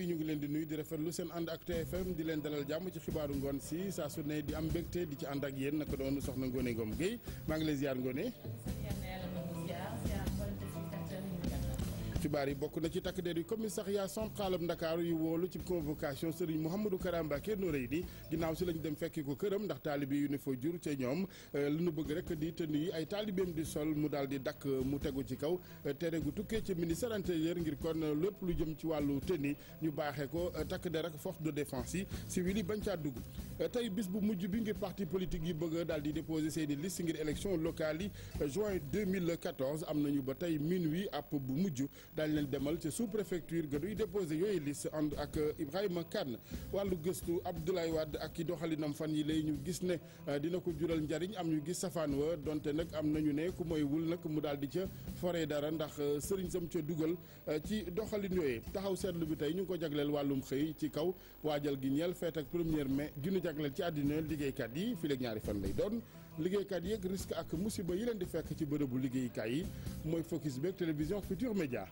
yi ñu ngi leen di nuyu di rafetlu seen ànd ak TFM di leen dalal jàmm ci xibaaru ngoon si saa su ne di am mbégte di ci ànd ak yéen naka doonu soxna Ngone Ngom Guèye maa ngi lay ziar Ngone xibaar yi bokk na ci takk der yu commissariat central am Ndakaaru yu wóolu ci convocation Serigne Mouhamadou Kara Mbacké Noreydi ginnaaw si lañu dem fekki ko këram ndax taalibe yu ne fa jur ca ñoom euh, lu nu bëgg rek di tënnu yi ay taalibeem di sol mu daal di dakk mu tegu ci kaw euh, tere gu tukkee ci ministère intérieur ngir kon lépp lu jëm ci wàllu tënni ñu baaxee ko euh, takk der ak force de défense yi civil yi bañ caa dugg tey bis bu mujj bi ngir parti politique yi bëgg daal di déposer seeni liste ngir élection locale yi juin 2014 am nañu ba tey minuit app bu mujj daañu leen demal ca sous préfecture ga duy déposé yooyu liste ànd ak Ibrahima Kane wàllu gëstu Abdoulaye Wade ak ki doxalinam fan yi lay ñu gis ne euh, dina ko jural njariñ am ñu gis safaan wa donte nag am nañu ne ku mooy wul nag mu daal di ca foree dara ndax euh, sëriñ sëm ca dugal euh, ci doxalin yooyu taxaw seetlu bi tey ñu ngi ko jagleel wàllum xëy ci kaw waajal gi ñeel feet ak premier mai junni jagleel ci àddina liggéeykat yi fii léegi ñaari fan lay doon liggéeykat yeeg risque ak musiba yi leen di fekk ci bërëbu liggéeykaay yi mooy focus beeg télévision Futur Média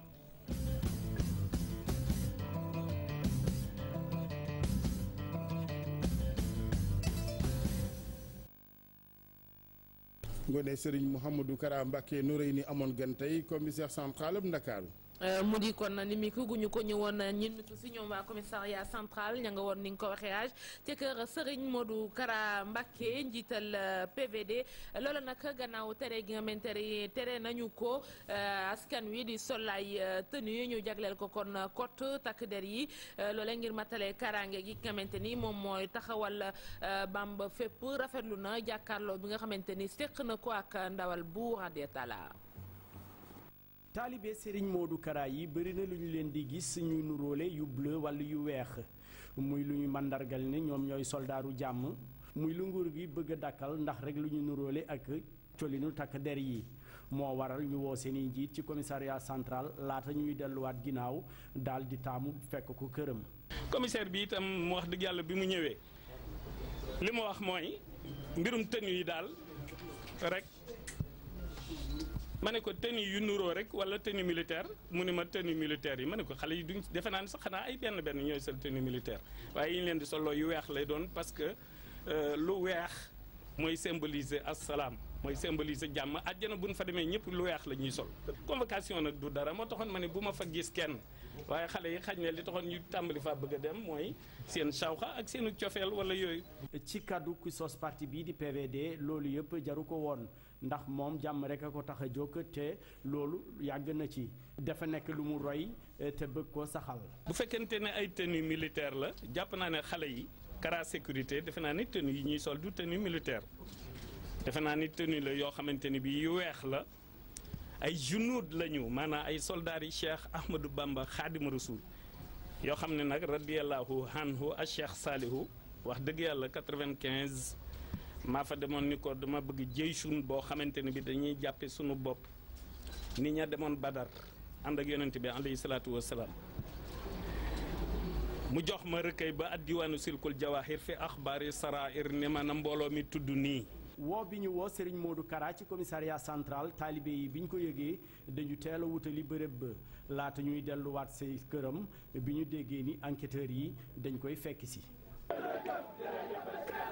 Ngoné Serigne Mouhamadou Kara Mbacké Noreyni amoon gan tey commissaire central am Ndakaaru Euh, mu di kon nimiku gu ñu ko ñëwoon euh, ñun si ñoom waa commissariat central ña nga woon ni nga ko waxee âge ca kër Serigne Modou Kara Mbacké njiital euh, PVD loolu nag gannaaw tere gi nga men tere tere nañu ko askan wi di solay tenue ñu jagleel ko kon kot takk der yi loolee ngir matale karange gi nga xamante ni moom mooy taxawal Bamba fépp rafetlu na jàkkaarloo bi nga xamante ni séq na ko ak ndawal bu Radia Talla taalibe sëriñ Modou Kara yi bëri na lu ñu leen di gis ñuy nuróole yu bleu wala yu weex muy lu ñu màndargal ne ñoom ñooy soldaaru jàmm muy lu nguur gi bëgg a dakkal ndax rek lu ñu nuroole ak colinu takk der yi moo waral ñu woo seen njiit ci commissariat central laata ñuy delluwaat ginnaaw daal di taamu fekk ko këram. commissaire bi itam mu wax dëgg yàlla bi mu ñëwee li mu wax mooy mbirum tenue yi daal rek ma ne ko tenue yu nuroo rek wala tenue militaire mu ne ma tenue militaire yi ma ne ko xale yi duñ defe naa ne sax xanaa ay benn benn ñooy sol tenue militaire waaye yi ñu leen di soloo yu weex lay doon parce que euh, lu weex mooy symboliser asalaam mooy symboliser jàmm àjjana buñ fa demee ñëpp lu weex la ñuy sol convocation nag du dara moo taxoon ma ne bu ma fa gis kenn waaye xale yi xaj na li taxoon ñu tàmbali faa bëgg a dem mooy seen sawxa ak seenu cofeel wala yooyu ci kaddu ki sos parti bii di PVD loolu yëpp jaru ko woon ndax moom jàmm rek a ko tax a jóg loolu yàgg na ci dafa nekk lu mu roy eh, te bëgg koo saxal. bu fekkente ne ay tenue militaire la jàpp naa ne xale yi Kara sécurité defe naa ni tenue yi ñuy sol du tenue militaire defe naa ni tenue la yoo xamante ni bi yu weex la ay junuud lañu maanaam ay soldats yi Cheikh Ahmadou Bamba Xaadimu Rasuul yoo xam ne nag radiyallahu anhu a Cheikh Salihu wax dëgg yàlla 95. maa fa demoon ni ko dama bëgg jëy sun boo xamante ne bi dañuy jàppe sunu bopp ni ña demoon badar ànd ak yonent bi alayhi salaatu wasalaam mu jox ma rëkkay ba addiwaanu silkul jawahir fi axbaari sarair ne ma mbooloo mi tudd nii woo bi ñu woo Serigne Modou Kara ci commissariat central taalibe yi bi ñu ko yëgee dañu teel a wutali bërëb ba laata ñuy delluwaat say këram bi ñu déggee ni enquêteurs yi dañ koy fekk si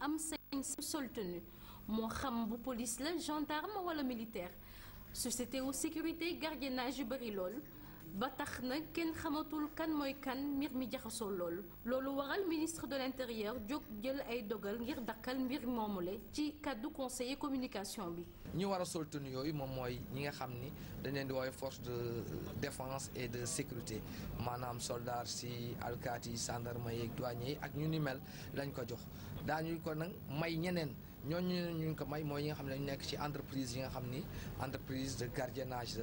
am sañ sol tenue moo xam bu police le gendarme wala militaire société de sécurité gardiennage de ba tax na xamatul kan moy kan mir mi jaxaso lol lolou waral ministre de l'intérieur jóg djel ay dogal ngir dakal mir moomule ci cadre conseiller communication bi. ñi wara a sol tenue yooyu moom mooy ñi nga xamni dañ leen di woy force de défense et de sécurité manam soldats ci alkaati yi gendarme yi douaniers ak ñu ni mel lañ ko jox dañu ko nak may ñeneen. ñoo ñu ko may moy nga xamni ne ñu ci entreprise yi nga xamni entreprise de gardiennage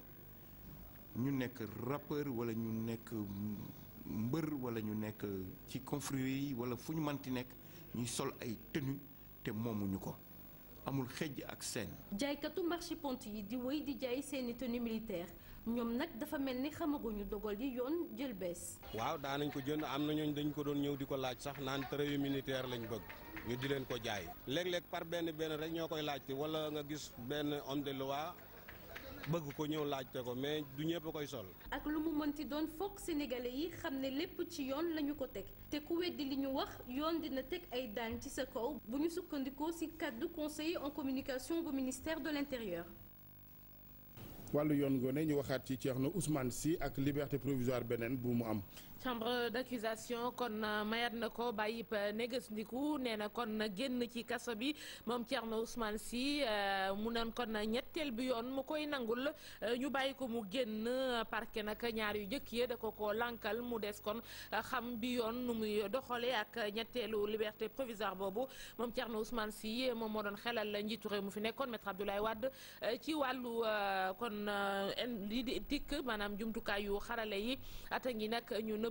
ñu nekk rappeur wala ñu nekk mbër wala ñu nekk ci confrérie yi wala fu ñu mënti nekk ñuy sol ay tenue te moomuñu ko amul xejj ak seen. jaaykatu marché ponti yi di wéy di jaay seeni tenue militaire ñoom nag dafa mel ni xamaguñu dogal yi yoon jël bees. waaw daanañ ko jënd am na ñooñ dañ ko doon ñëw di ko laaj sax naan tenue militaire lañ bëgg ñu di leen ko jaay. léeg-léeg par benn benn rek ñoo koy laajte wala nga gis benn homme de loi bëgg ko ñëw laajte ko mais du ñëpp koy sol. ak lu mu mënti doon foog sénégalais yi xam ne lépp ci yoon lañu ko teg te ku weddi li ñu wax yoon dina teg ay daan ci sa kaw bu ñu sukkandikoo ci kàddu conseiller en communication bu ministère de l'intérieur. wàllu yoon goone ñu waxaat ci Thierno Ousmane Sy ak liberté provisoire beneen bu mu am chambre d'accusation kon euh, mayaat na ko neges négas ndiku nee kon génn ci kaso bi mom tierno Ousmane Sy euh, mu kon bi nangul euh, ñu bayiko mu génn parquet nak ñaar yu da ko lankal mu des kon xam bi yon nu muy ak ñetteelu liberté provisoire bobu mom tierno Ousmane Sy mom moo doon xelal njitu rew mu fi nekkon maître Abdoulaye Wade ci walu kon xarale yi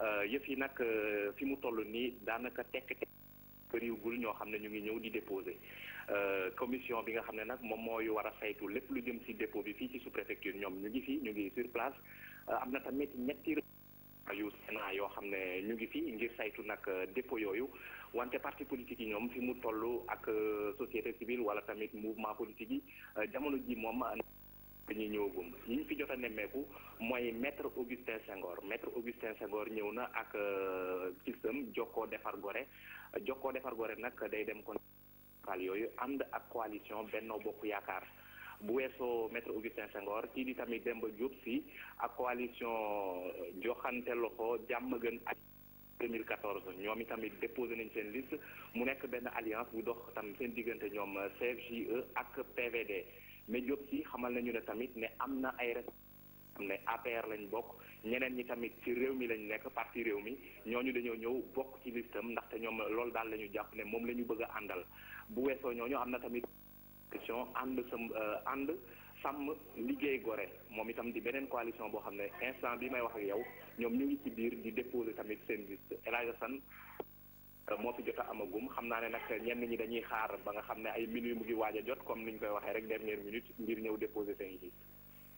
Euh, yëf yi nag euh, fi mu toll nii daanaka tekk-tekk bëriwul ñoo xam ñu ngi ñëw di déposé euh, commission bi nga xam nak nag moom mooy war a saytu lépp lu jëm ci dépôt bi fii ci sous-préfecture ñoom ñu ngi fii ñu ngi sur place na tamit ñetti yu Sénat yoo xam ñu ngi fii ngir saytu nag dépôt yooyu wante parti politique yi fi mu toll ak société civile wala tamit mouvement politique yi jamono ji ñu ñëwagum ñi ñu fi jot a nemmeeku mooy maître Augustin Senghor maître Augustin Senghor ñëw na ak gisam euh, jokkoo defar gore jokkoo defar gore nag day dem kon al yooyu ànd ak coalition Benno Bokk Yaakaar bu weesoo maître Augustin Senghor kii di tamit Demba Diop si ak coalition euh, joxante loxo jàmm gën ak 2014 ñoom itamit déposé nañ seen liste mu nekk benn alliance bu dox tam seen diggante ñoom euh, CFJE ak PVD mais Diop si xamal nañu ne tamit ne am na ay xam ne APR lañ bokk ñeneen ñi tamit ci réew mi lañ nekk parti réew mi ñooñu dañoo ñëw bokk ci listam ndaxte ñoom loolu daal la ñu jàpp ne moom la ñu bëgg a àndal bu weesoo ñooñu am na tamit question ànd sam euh, ànd sàmm liggéey gore moom itam di beneen coalition boo xam ne instant bi may wax ak yow ñoom ñu ngi ci biir di déposer tamit seen liste El Hadj Euh, moo fi jot a amagum xam naa ne nag ñenn ñi dañuy xaar ba nga xam ne ay minutes gi ngi waaj jot comme ni ñu koy waxee rek dernière minute ngir ñëw déposer seen i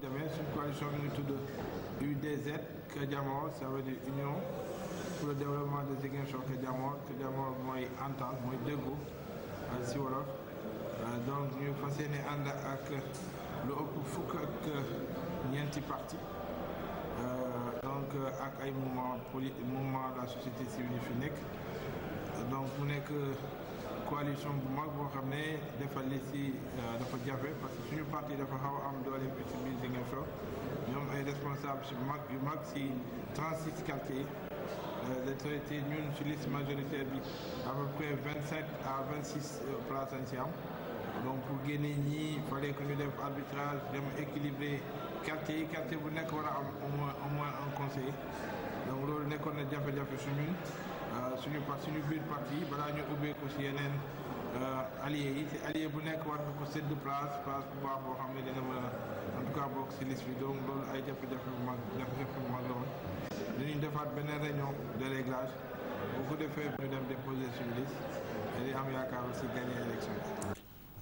demee suñ coalition bi ñu tudd UDZ Kadiamor ça veut dire union pour le développement des de Ziguinchor Kadiamor Kadiamor mooy entente mooy déggu euh, si wolof euh, donc nous fas yéene ànd ak lu ëpp fukk ak ñeenti parti euh, donc ak ay moment, poli mouvement de la société civile yu Donc, on est que. nekk coalition de mag boo xam ne dafa lisi euh, dafa parce que si parti dafa xaw a am doole bi si biir Ziguinchor ñoom ay responsable si mag yu mag 36 quartiers de euh, traité ñun si liste majoritaire à peu près 27 à 26 euh, places anciennes. donc pour gagner, il fallait que ñu def arbitrage dem équilibrer quartier yi quartier bu nekk war a au moins au moins un conseiller donc loolu nekkoon na jafe-jafe su ñun Euh, suñu par suñu biir parti balaa ñu ubbeeku si yeneen euh, allié yi te allié bu nekk war na ko sedd place place bu baax boo xam dina mën a en tout cas bokk si liste bi donc loolu ay jafe-jafe bu mag jafe-jafe bu mag la woon defaat beneen réunion de réglage bu ko defee ñu dem déposer suñu liste te di am yaakaar aussi gagner élection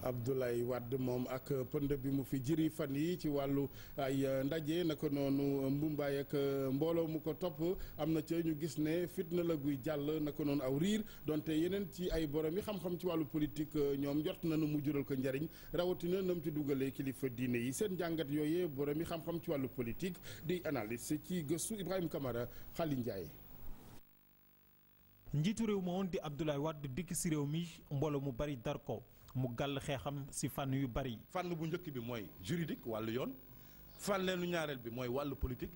Abdoulaye Wade moom ak pënd bi mu fi jiri fan yi ci wàllu ay euh, ndaje naka noonu euh, mbumbaay ak euh, mbooloo mu ko topp am na ca ñu gis ne fitna la guy jàll naka noonu aw riir donte yeneen ci ay borom yi xam-xam ci wàllu politique ñoom jot na nu mu jural ko njariñ rawatina nam ci dugalee kilifa diine yi seen njàngat yooyee borom yi xam-xam ci wàllu politique di analise ci gëstu Ibrahima Camara Xali Ndiaye. njiitu réew ma woon di Abdoulaye Wade dikk si réew mi mbooloo mu bari dar ko mu gal xeexam si fan yu bari. fan bu njëkk bi moy juridique wàllu yoon fan fànneenu ñaarel bi moy wàllu politique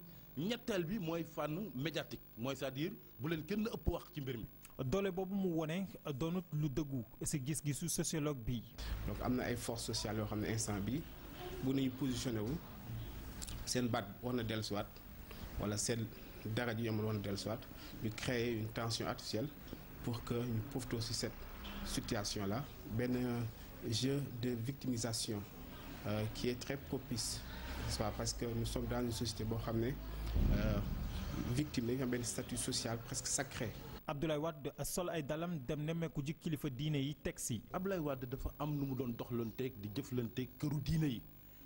ñettal bi moy fànn médiatique moy c'est-à-dire bu leen kenn ëpp wax ci mbir mi. dole bobu mu woné donut lu deggu ci gis-gisu sociologue bi. donc amna ay force sociale yo xamné instant bi bu ñuy positionné wu seen baat war na dellusiwaat wala seen dara ji yomul war na dellusiwaat ñu créer une tension artificielle pour que ñu profité si cette situation là benn euh, jeu de victimisation euh, qui est très propice nest pas parce que nous sommes dans une société boo xam ne euh, victime dañu ben statut social presque sacré Abdoulaye Wade sol ay dalam dem nemé nemmeeku jik kilifa diiné yi teg si. Abdoulaye Wade dafa am numu don doon di jëflanteeg këru diiné yi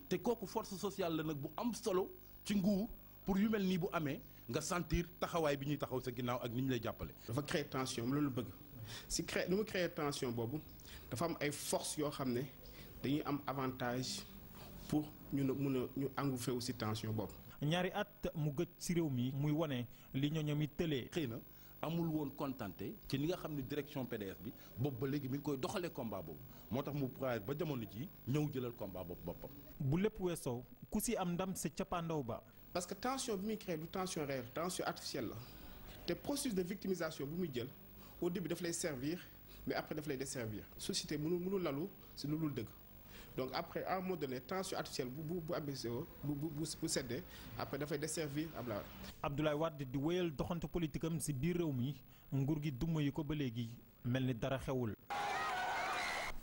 té koku force sociale la nak bu am solo ci ngou pour yu mel ni bu amé nga sentir taxaway bi ñuy taxaw sa ginnaw ak niñ lay jappalé dafa créer tension loolu bëgg si crée nu mu créer tension boobu dafa am ay forces yo xamné dañuy am avantage pour ñu mun ñu engouffré wu si tension bobu ñaari at mu gëj ci réew mi. muy woné li ñoo ñomi télé xeyna amul woon contenté ci ni nga xam direction PDS bi boobu ba légui mi ngi koy doxalee combat bobu motax mu prayer ba jamono ji ñew jëlal combat bobu bopam bu lepp weesoo ku ci am ndam ci cappaandaw ba. parce que tension bi mi créé du tension réelle tension artificielle la te processus de victimisation bu muy jël. au début daf lay servir mais après daf lay desservir société mënul mënul lalu si lu dul dëgg donc après à un moment donné tension artificielle bu bu bu abaissé bu bu bu seddee après dafay desservir Abdoulaye Wade. Abdoulaye Wade di wéyal doxante politique am si biir réew mi nguur gi duma yi ko ba léegi mel ni dara xewul.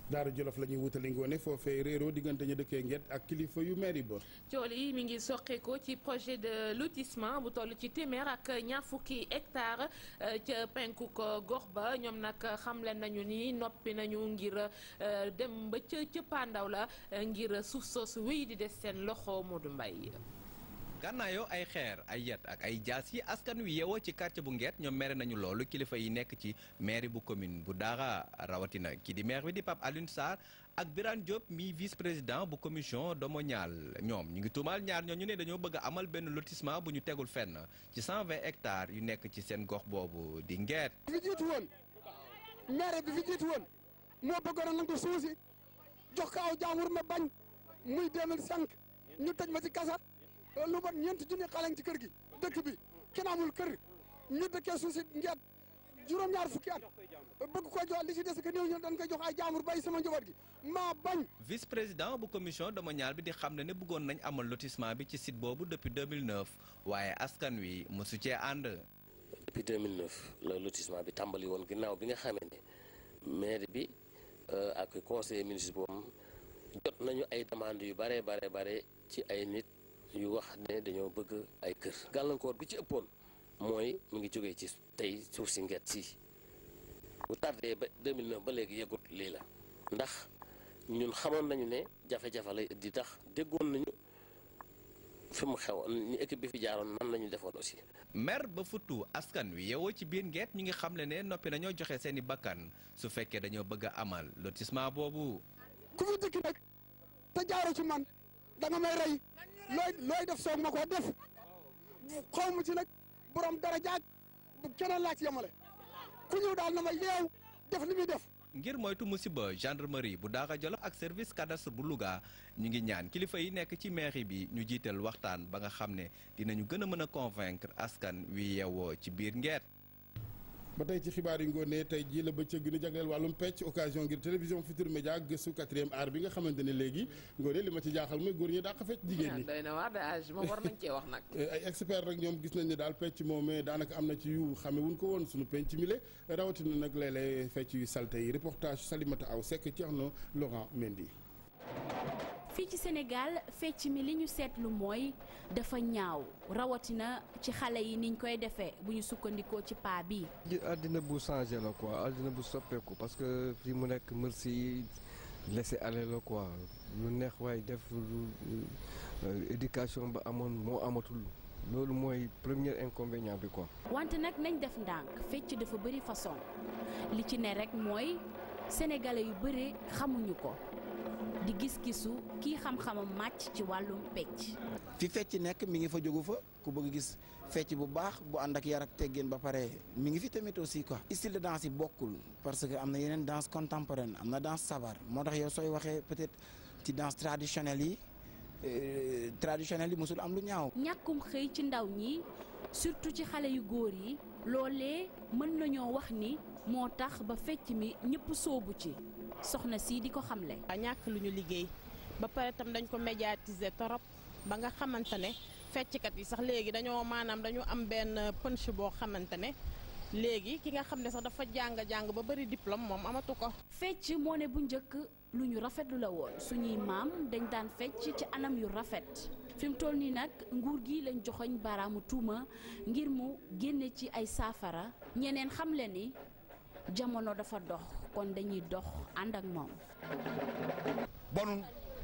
Daara Jolof la ñuy wutali ngoone foofee réeroo diggante ñu dëkkee Nget ak kilifa yu mairie ba. cool yi mi ngi soqeekoo ci projet de lotissement bu toll ci téeméer ak ñaar fukki hectare euh, ca penku ko gox ba ñoom nag xamle nañu ni noppi nañu ngir euh, dem ba ca ca la euh, ngir suuf soosu wéy di des seen loxo Modou Mbaye. gànnaayoo ay xeer ay yet ak ay jaas yi askan wi yeewoo ci quartier bu Nguett ñoom mere nañu loolu kilifa yi nekk ci mairie bu commune bu Dara rawatina kii di maire bi di Pape Alioune Sarr ak Birane Diop mi vice président bu commission domaniale ñoom ñu ngi tuumaal ñaar ñoo ñu ne dañoo bëgg amal benn lotissement bu ñu tegul fenn ci 120 hectares yu nekk ci seen gox boobu di Nguett. bi fi jiitu woon maire bi fi jiitu woon moo bëggoon nañ ko suusi jox ko aw jaamur ma bañ muy 2005 lu mat ñeenti junni xale ci kër gi dëkk bi kenn amul kër ñu dëkkee suuf si ngeet juróom-ñaar fukki at bëgg ko jox li ci des que néew ñu dañ koy jox ay jaamur bàyyi sama njaboot gi maa bañ. vice président bu commission domaniale bi di xam ne ne bëggoon nañ amal lotissement bi ci site boobu depuis 2009 waaye askan wi mosu cee ànd. depuis 2009 la lotissement bi tàmbali woon ginnaaw bi nga xamee ne maire bi euh, ak conseiller municipal boobu jot nañu ay demandes yu bare bare bare ci ay nit. yu wax ne dañoo bëgg ay kër gàllankoor bi ci ëppoon mooy mu ngi jógee ci tey suuf si ngeet si bu tardé ba 2009 ba léegi yeggut lii la ndax ñun xamoon nañu ne jafe-jafe lay di tax déggoon nañu fi mu xew ni équipe bi fi jaaroon nan la ñu defoon aussi. mer ba futtu askan wi yeewoo ci biir ngeet ñu ngi xamle ne noppi nañoo joxe seen i bakkan su fekkee dañoo bëgg a amal lotissement boobu. ku fi dikk nag te jaaroo ci man da nga may rey. looy def soog ma koo def xaw ma ci nag borom dara jaag keneen laa ci yemale ku ñëw daal na ma yeew def li muy def. ngir moytu musiba gendarmerie bu Daara Jolof ak service cadastre bu Louga ñu ngi ñaan kilifa yi nekk ci mairie bi ñu jiital waxtaan ba nga xam ne dinañu gën a mën a convaincre askan wi yeewoo ci biir Ngeet. ba tey ci xibaar yi ngoonee tey jii la bëccëg gi ñu jagleel wàllum pecc occasion ngir télévision Futur Média gëstu quatrième art bi nga xamante ne léegi ngoonee li ma ci jaaxal mooy góor ñi dàq fecc jigéen ñi ah, doy ah, moom war nañ cee wax nag eh, ay expert rek ñoom gis nañ ne daal pecc moomee daanaka am na ci yu xame wuñ ko woon suñu penc mi le rawatina nag léeg-léeg fecc yu salte yi reportage Salimata Aw Seck ci Laurent Mendy fii ci Sénégal fecc mi li ñu seetlu mooy dafa ñaaw rawatina ci xale yi niñ koy defee bu ñu sukkandikoo ci paa bi ji àddina bu changé la quoi àddina bu soppeeku parce que fii mu nekk merci yi laisser aller la quoi lu neex waaye def euh, éducation ba amoon moo amatul loolu mooy premier inconvénient bi quoi. wante nag nañ def ndànk fecc dafa bëri façon li ci ne rek mooy sénégalais yu bëri xamuñu ko. di gis-gisu kii xam-xamam màcc ci wàllum pecc. fi fecc nekk mi ngi fa jógu fa ku bëgg gis fecc bu baax bu ànd ak yar ak teggin ba pare mi ngi fi tamit aussi quoi. style de danse yi bokkul parce que am na yeneen dence contemporaine am na dence sabar moo tax yow sooy waxee peut-être ci danse traditionnelle yi. Euh, traditionnel yi mosul am lu ñaaw. ñàkkum xëy ci ndaw ñi surtout ci xale yu góor yi loolee mën nañoo wax ni moo tax ba fecc mi ñëpp soobu ci. soxna si di ko xamle. ñàkk lu ñu liggéey ba pare tam dañ ko médiatiser torop ba nga xamante ne fecckat yi sax léegi dañoo maanaam dañu am benn punch boo xamante ne. léegi ki nga xam ne sax dafa jàng-jàng ba bari diplôme moom amatu ko fecc moo ne bu njëkk lu ñu rafetlu la woon suñuy maam dañ daan fecc ci anam yu rafet fi mu toll nii nag nguur gi lañ joxoñ baraamu tuuma ngir mu génne ci ay saafara ñeneen xam le ni jamono dafa dox kon dañuy dox ànd ak moom. bonul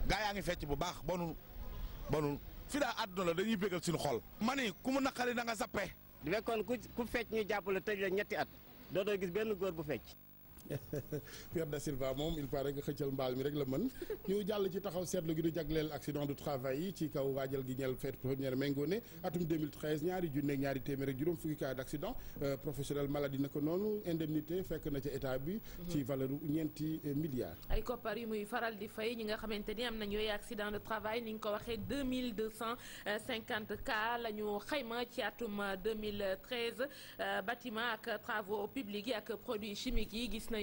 gaa yaa ngi fecc bu baax bonul bonul fi daa àdduna la dañuy bégal suñu xol. ma ni ku mu naqari da nga zappe. bu fekkoon ku ku fecc ñu jàppale la tëj la ñetti at dootoo gis benn góor bu fecc. Pierre Da Silva mom il paraît que xëccal mbal mi rek la mën ñu jall ci taxaw seetlu gi du jagleel accident de travail ci kaw waajal gi ñeel fête première méngoone atum 2013 ñaari junne ñaari téeméer ak juróom fukki cas d' accident euh, professionnel maladie na ko indemnité fekk na ci état bi ci mhm. valeur ñenti milliards ay koppar yu muy faral di fay ñi nga xamante am nañu ay accident de travail ni nga ko waxé 2250 cas lañu ñu xayma ci atum 2013 euh, bâtiment ak travaux publics ak produits chimiques yi gis nañ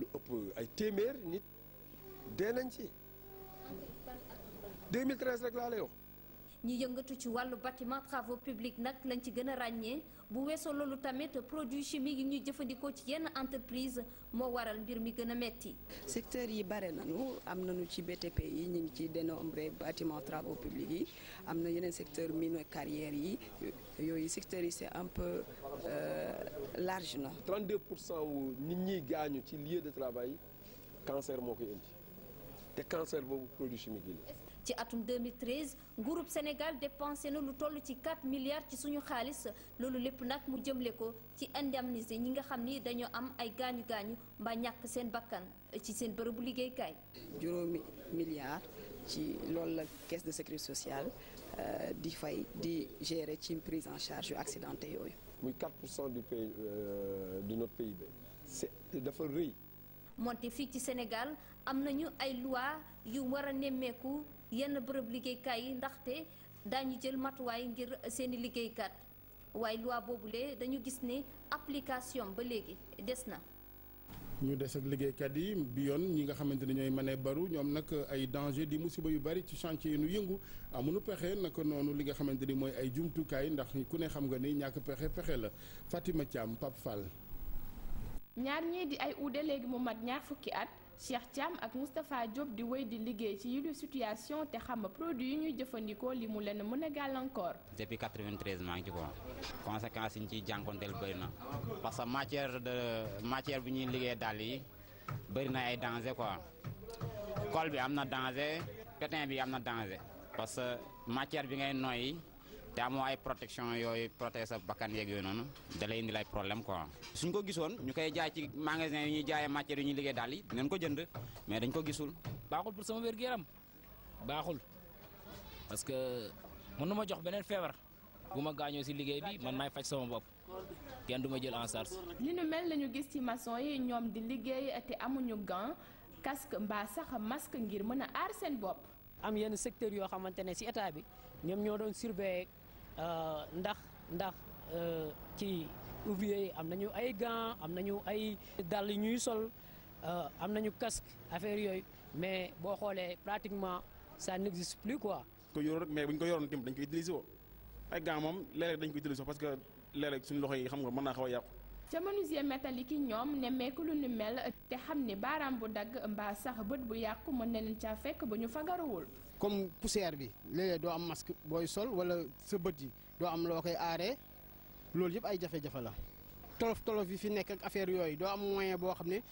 lu ëpp ay téeméer nit dee nañ ci 2013 rek laa lay wax. ñi yëngatu ci wàllu bâtiment travaux publics nag lañ ci gën a ràññee. bu weesoo loolu tamit produits chimiques yi ñuy jëfandikoo ci yenn entreprise moo waral mbir mi gën metti secteur yi bare nañu am nañu ci BTP yi ñu ngi ci dénombré bâtiment travaux publics yi am na yeneen secteur mine carrière yi yooyu secteurs yi c'est un peu euh, large na 32 pour cent wu nit ñiy gaañu ci lieu de travail cancer moo koy indi te cancer boobu produit chimique ci atum 2013 nguurub Sénégal dépensé na lu toll ci 4 milliards ci suñu xaalis lolu lepp nak mu jëmlé ko ci indemniser ñi nga xam ni am ay gañu gañu mbaa ñak seen bakkan ci seen bërëbu liggéeykaay. juróomi milliards ci lolu la caisse de sécurité sociale euh, di fay di gérer ci prise en charge yu accidenté yooyu. muy 4 du pays euh, de notre PIB c'est dafa rëy. moonte fi ci Sénégal amnañu ay loi yu wara a yenn bërëb liggéeykaay yi ndaxte daañu jël matuwaay ngir seeni liggéeykat waaye loi boobule dañu gis ne application ba léegi des na. ñu des ak liggéeykat yi bi yoon ñi nga xamante ne ñooy mane baru ñoom nag ay danger di musiba yu bari ci chantier yi nu yëngu amuñu pexe naka noonu li nga xamante ni mooy ay jumtukaay ndax ku ne xam nga ni ñàkk pexe pexe la Fatima Thiam Pape Fall. ñaar ñii di ay uude léegi mu mat ñaar fukki at Cheikh Thiam ak Moustapha Diop di wéy di liggéey ci yilu situation te xam produit yi ñuy jëfandikoo li mu leen mën a gàllankoor. depuis 93 maa ngi ci ko conséquence ci jankontel ciy na parce que matière de matière bi ñuy liggéey dal yi bëri na ay danger quoi col bi amna danger pétin bi amna danger parce que matière bi ngay noyi té amo ay protection yoy protéger sa bakan yeeg yooyu noonu da lay indil problème quoi suñ ko gissone ñukay jaay ci magasin yi ñi jaay matière yi ñi liggé dal yi dinañ ko jënd mais dañ ko gissul baxul pour sama wér-gu-yaram baxul parce que mën ma jox benen fièvre buma ma ci si bi man may fajj sama bop kenn duma jël en charge li ñu mel lañu giss ci maçon yi ñom di liggéey te amuñu gant casque mba sax masque ngir mëna ar sen bop am yene secteur yo xamantene ci si état bi ñom ñoo doon surveiller Euh, ndax ndax euh, ci ouvrier yi am na ñu ay gants am na nañu ay dàll ñuy sol euh, am nañu casque affaire yooyu mais boo xoolee pratiquement ça n'existe plus quoi. ko yoroon mais bu ñu ko yoroon tamit dañ koy utiliser woo ay gants moom léeg-léeg dañ ko utiliser parce que léeg suñ loxo yi xam nga mën naa xaw a yàqu. ca menuisier métallique yi ñoom nemmeeku lu ni mel te xam ni baaraam bu dagg mbaa sax bët bu yàqu mën na leen caa fekk ba ñu fagarawul comme poussière bi léeg doo am masque booy sol wala sa bët yi doo am loo koy aaree loolu yëpp ay jafe-jafe la tolof tolof yi fi nekk ak affaire yooyu doo am moyen boo xam ne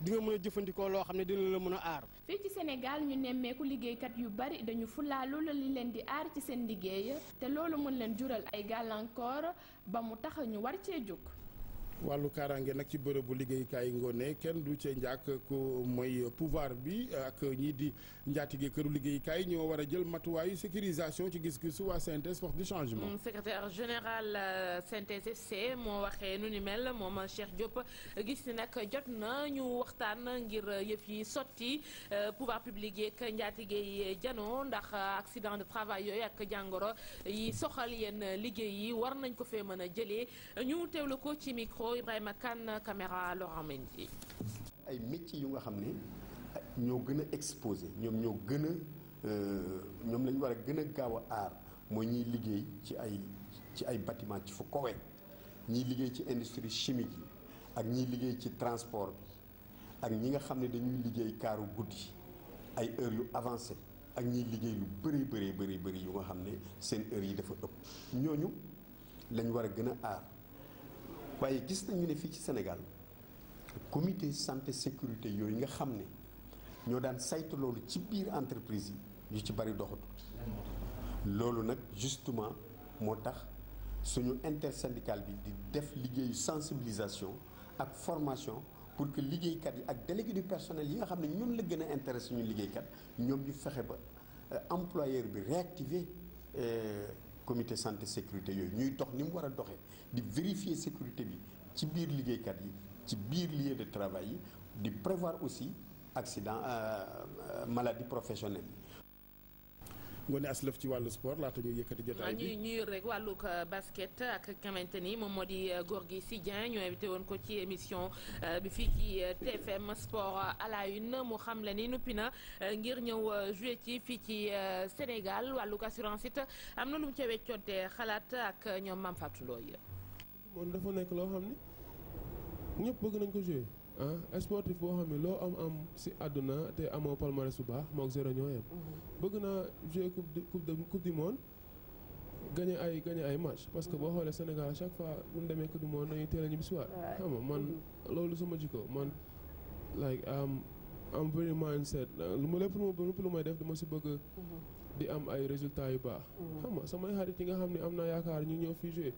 di nga mën a jëfandikoo loo xam ne dina la mën a aar. fii ci Sénégal ñu nemmeeku liggéeykat yu bari dañu fulaa loolu li leen di aar ci seen liggéey te loolu mën leen jural ay gàllankoor ba mu tax ñu war cee jóg. wàllu kaaraange nak ci bërëbu kay ngoone kenn du ci njàkk ko moy pouvoir bi ak ñi di njaatige këru liggéeyukaay ñoo war a jël matuwaayu sécurisation ci gis-gisu waa CNTS du changement. Mm, secrétaire général euh, synthèse FC mo waxé nu ni mel mom Cheikh Diop gis ni nag jot na ñu waxtaan ngir yëf yi soti euh, pouvoir public yeeg njaatige yi janoo ndax accident de travail yoy ak jangoro yi soxal yeen liggéey yi war nañ ko fe mëna jëlé ñu teewlu ko ci micro. Sow Ibrahima Kane caméra Laurent Mendy. ay métiers yu nga xam ne ñoo gën a exposé ñoom ñoo gën a euh, ñoom la ñu war a gën a gaaw a aar mooy ñiy liggéey ci ay ci ay bâtiment ci fu kowe ñiy liggéey ci industrie chimique yi ak ñiy liggéey ci transport bi ak ñi nga xam ne dañuy liggéey kaaru guddi ay heures yu avancé ak ñiy liggéey lu bëri bëri bëri bëri yu nga xam ne seen heures yi dafa ëpp ñooñu lañ war a gën a aar. waaye gis nañu ne fii ci Sénégal comité santé sécurité yooyu nga xam ne ñoo daan saytu loolu ci biir entreprise yi yu ci bari doxatul loolu nag justement moo tax suñu intersyndical bi di def liggéeyu sensibilisation ak formation pour que liggéeykat yi ak délégué du personnel yi nga xam ne ñun la gën a intéressé suñu liggéeykat ñoom ñu fexe ba euh, employeur bi réactiver euh, comité santé sécurité nous ñuy vérifier ni mu vérifier sécurité bi ci biir liggéeykat yi ci biir lieu de travail de prévoir aussi accident euh, euh, maladie professionnelle Ngoné Aslëf ci wàllu sport laata ñuy yëkkati jotaay ah, bi ñuy yor rek wàllug euh, basket ak xamante ni moom moo di euh, Gorgui Sy Dieng ñu invité woon ko ci émission euh, bi fii ci TFM sport à la mu xam le ni noppi na ngir ñëw joué ci fii ci Sénégal wàllug assurance it am na lu mu ca weccoonte xalaat ak ñoom Mame Fatou Ndoye moom dafa nekk loo xam ni ñëpp bëgg nañ ko joué. ah sportif boo xam ne loo am am si àdduna te amoo palmarès bu baax moog zéro ñoo yem. Mhm. bëgg naa jouer coupe de coupe de coupe du monde gagné ay gagné ay match parce que boo xoolee Sénégal chaque fois bu ñu demee coupe du monde dañuy teel a ñibbi si waat. xam man mhm. loolu sama jikko man like am am very mindset lu ma lépp lu may def dama si bëgg. Mhm. di am ay résultat yu baax. xam nga samay xarit yi nga xam ne am naa yaakaar ñu ñëw fii jouer.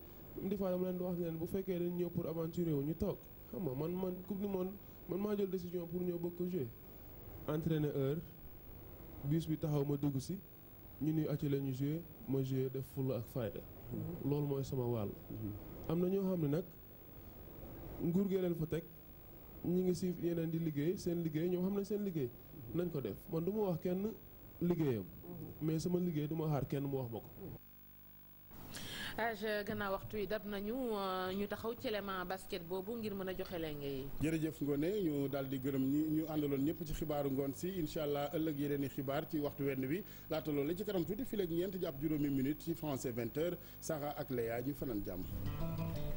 des fois dama leen di wax ne leen bu fekkee dañ ñëw pour aventurer wu ñu toog xam nga man man coupe du monde man maa jël décision pour ñëw bëgg ko jouer entraîneur heure bus bi taxaw ma dugg si ñu nuy acca la ñu ma jouer def fulla ak fayda mhm. loolu mooy sama wàll mhm. am na ñoo xam ne nag nguur gee leen fa teg ñi ngi si yeneen di liggéey seen liggéey ñoom xam ne seen liggéey mhm. nañ ko def man du wax kenn liggéeyam mais sama liggéey du ma xaar kenn mu wax ma ko Haj gannaaw waxtu yi dab nañu euh, ñu taxaw ci basket boobu ngir mën a joxe lenge yi. jërëjëf Ngone ñu daal di gërëm ñi ñu àndaloon ñëpp ci xibaaru ngoon si incha allah ëllëg yeneen i xibaar ci waxtu wenn bi laata loolu la ci kanam tuuti fii léegi ñeent jàpp juróomi minute ci français 20h Sara ak Leya ñu fanaan jàmm.